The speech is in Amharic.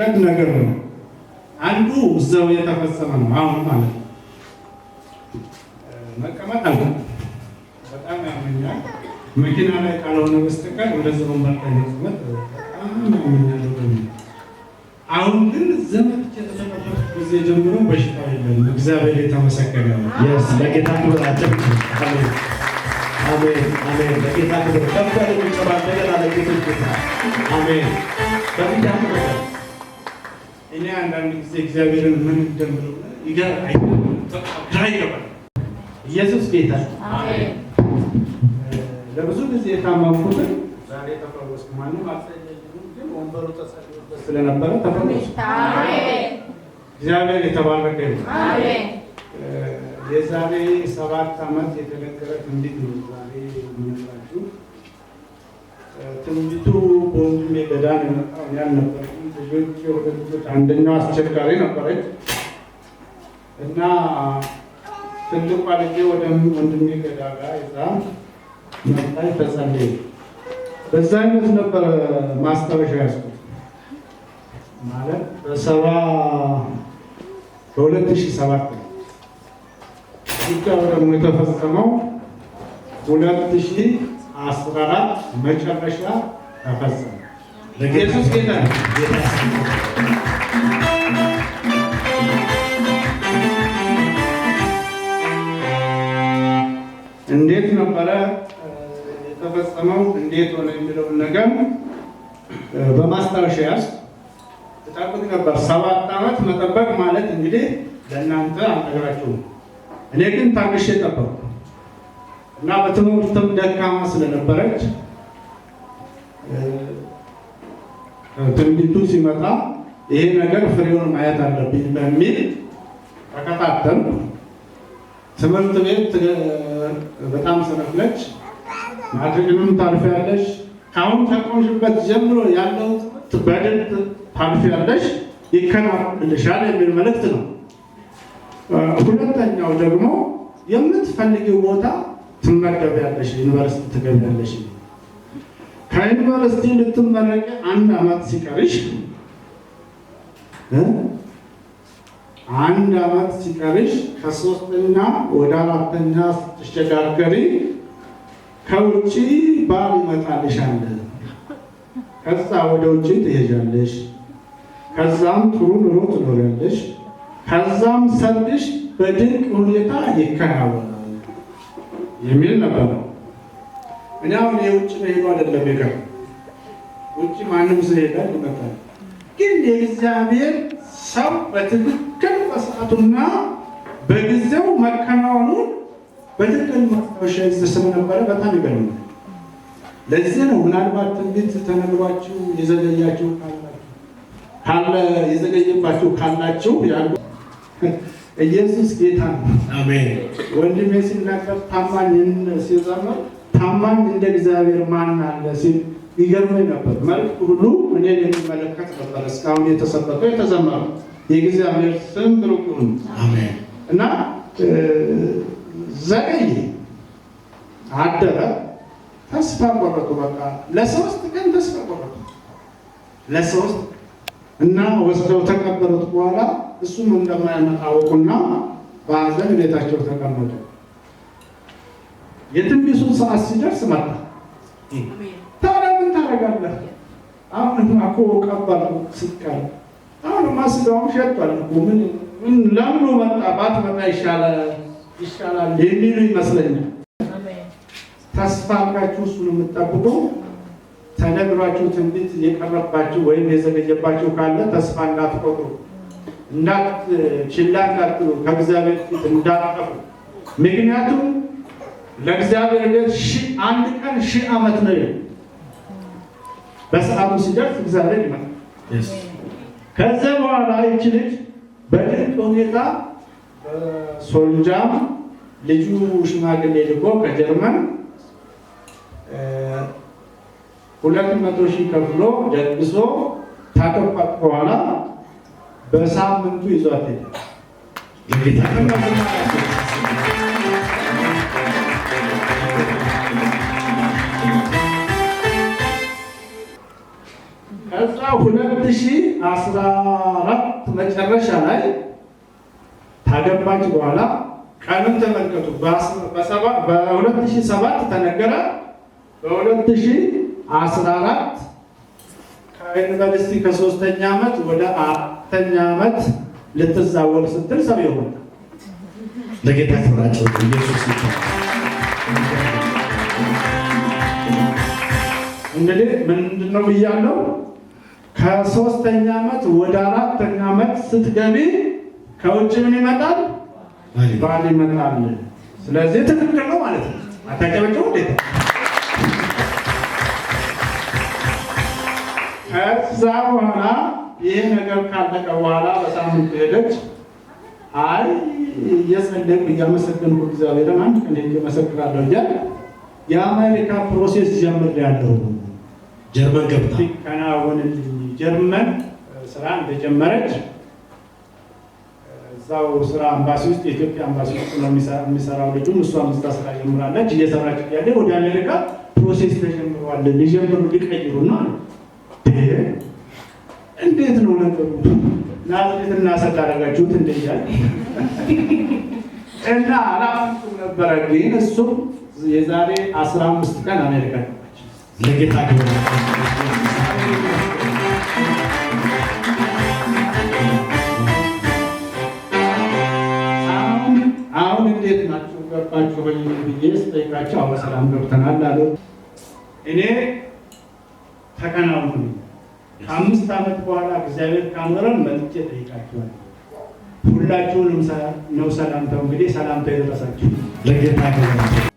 ሁለት ነገር ነው። አንዱ እዛው የተፈጸመ ነው። አሁን ማለት መቀመጥ አለ በጣም ያመኛል። መኪና ላይ ካልሆነ በስተቀር ወደዚ መንበር ላይ መቀመጥ በጣም ያመኛል። አሁን ግን ዘመድ ከተሰጠበት ጊዜ ጀምሮ በሽታ የለም። እግዚአብሔር የተመሰገነ ነው። ለጌታ ክብር አጭር አሜን፣ አሜን። ለጌታ ክብር ከፍ ያለ ጭብጨባ እንደገና ጌታ አሜን። በሚዳም ነገር እኔ አንዳንድ ጊዜ እግዚአብሔርን ምን እንደምለው ግራ ይገባል። ኢየሱስ ጌታ ለብዙ ጊዜ የታመምኩትን ዛሬ ተፈወስኩ። ማንም አልጸየኝም፣ ግን ወንበሩ ተሰቅሎበት ስለነበረ ተፈወስኩ። እግዚአብሔር የተባረከ ነው። የዛሬ ሰባት ዓመት የተነገረ ትንቢት ነው ዛሬ የምነግራችሁ። ትንቢቱ በወንድሜ ገዳን ያልነበረ ልጆች አንደኛው አስቸጋሪ ነበረች እና ትልቋ ልጄ ወደ ወንድሜ ገዳ ጋር ይዛ መታይ ተጸለየ። በዛ አይነት ነበረ ማስታወሻ ያዝኩት ማለት በሰባ በሁለት ሺህ ሰባት ደግሞ የተፈጸመው ሁለት ሺህ አስራ አራት መጨረሻ ተፈጸመ። ኢየሱስ ጌታ እንዴት ነበረ የተፈጸመው እንዴት ሆነ የሚለውን ነገር በማስታወሻ ያዝ ተጠብቅ ነበር። ሰባት ዓመት መጠበቅ ማለት እንግዲህ ለእናንተ አልነግራችሁም። እኔ ግን ታግሼ ጠበቅኩ እና በትምህርትም ደካማ ስለነበረች ትንቢቱ ሲመጣ ይሄ ነገር ፍሬውን ማየት አለብኝ በሚል ተከታተል። ትምህርት ቤት በጣም ሰነፍለች፣ ማትሪክንም ታልፊያለሽ። ከአሁን ተቆምሽበት ጀምሮ ያለው በደንብ ታልፊያለሽ፣ ይከናወንልሻል የሚል መልእክት ነው። ሁለተኛው ደግሞ የምትፈልጊው ቦታ ትመገቢያለሽ፣ ዩኒቨርሲቲ ትገቢያለሽ ከዩኒቨርሲቲ ልትመረቅ አንድ አመት ሲቀርሽ አንድ አመት ሲቀርሽ ከሶስተኛ ወደ አራተኛ ስትሸጋገሪ ከውጭ ባል ይመጣልሻል። ከዛ ወደ ውጭ ትሄጃለሽ። ከዛም ጥሩ ኑሮ ትኖሪያለሽ። ከዛም ሰርግሽ በድንቅ ሁኔታ ይከናወናል የሚል ነበረው። እኔ አሁን የውጭ መሄዱ አይደለም የጋር ውጭ ማንም ሰው ሄዳ ይመጣል። ግን የእግዚአብሔር ሰው በትክክል በሰዓቱና በጊዜው መከናወኑን በትክክል ማስታወሻ ስም ነበረ። በጣም ይገርማል። ለዚህ ነው ምናልባት ትንቢት ተነግሯችሁ የዘገያችሁ ካለ የዘገየባችሁ ካላችሁ ያሉ ኢየሱስ ጌታ ነው። አሜን። ወንድሜ ሲናገር ታማኝ ሲዘመር ታማኝ እንደ እግዚአብሔር ማን አለ ሲል ይገርመኝ ነበር። መልክ ሁሉ እኔ የሚመለከት ነበር። እስካሁን የተሰበከው የተዘመረው የእግዚአብሔር ስም ብሩቁን አሜን። እና ዘገየ፣ አደረ፣ ተስፋ ቆረጡ። በቃ ለሶስት ቀን ተስፋ ቆረጡ። ለሶስት እና ወስደው ተቀበሉት። በኋላ እሱም እንደማያመጣ አወቁና በአዘን ቤታቸው ተቀመጡ። የትንቢቱን ሰዓት ሲደርስ መጣ። ታዲያ ምን ታደርጋለህ? አሁንማ እኮ ቀባል ስቃል አሁን ስጋውም ሸጧል እኮ ምን ለምኑ መጣ ባትመጣ ይሻላል የሚሉ ይመስለኛል። ተስፋ አድርጋችሁ እሱን የምጠብቁ ተነግሯችሁ ትንቢት የቀረባችሁ ወይም የዘገየባችሁ ካለ ተስፋ እንዳትቆጥሩ፣ እንዳት ችላ እንዳትሉ፣ ከእግዚአብሔር ፊት እንዳትጠፉ ምክንያቱም ለእግዚአብሔር ቤት አንድ ቀን ሺህ ዓመት ነው። በሰዓቱ ሲደርስ እግዚአብሔር ይመጣል። ከዚያ በኋላ ይቺ ልጅ በድንቅ ሁኔታ ሶልጃም ልጁ ሽማግሌ ልኮ ከጀርመን ሁለት መቶ ሺህ ከፍሎ ደግሶ ታቀፋት በኋላ በሳምንቱ ይዟት ሄደ። ሁለት መጨረሻ ላይ ታገባች በኋላ ቀንም ተመልከቱ። በሁለት ሺህ ሰባት ተነገረ። በሁለት ሺህ ከዩኒቨርሲቲ ከሶስተኛ ዓመት ወደ አራተኛ ዓመት ልትዛወር ስትል ሰው ይሆናል። ለጌታ ክብራቸው ኢየሱስ እንግዲህ ምንድነው ነው ብያለው? ከሶስተኛ ዓመት ወደ አራተኛ ዓመት ስትገቢ ከውጭ ምን ይመጣል? ባል ይመጣል። ስለዚህ ትክክል ነው ማለት ነው። አታጨበጭቡ። እንዴት ከዛ በኋላ ይህ ነገር ካለቀ በኋላ በሳምንት ሄደች። አይ እየጸለይኩ እያመሰገንኩ እግዚአብሔርን አንድ ቀን ሄጄ እመሰክራለሁ እያለ የአሜሪካ ፕሮሴስ ጀምር ያለው ጀርመን ገብታ ይከናወንልኝ ጀርመን ስራ እንደጀመረች እዛው ስራ አምባሲ ውስጥ የኢትዮጵያ አምባሲ ውስጥ ነው የሚሰራው ልጁም፣ እሷ ምስታ ስራ ጀምራለች። እየሰራች ያለ ወደ አሜሪካ ፕሮሴስ ተጀምረዋል። ሊጀምሩ ሊቀይሩ ነው። እንዴት ነው ነገሩ? ናዝሬት እና ሰላ አደረጋችሁት እንደያል እና አላፍኩም ነበረ። ግን እሱም የዛሬ አስራ አምስት ቀን አሜሪካ ገባች። ለጌታ ግ አሁን እንዴት ናችሁ ገብተናል እኔ ተከናውኑ ከአምስት ዓመት በኋላ እግዚአብሔር ካኖረን መልጬ ጠይቃችኋል። ሁላችሁንም ነው ሰላምታው። እንግዲህ ሰላምታው የደረሳችሁ ለጌታ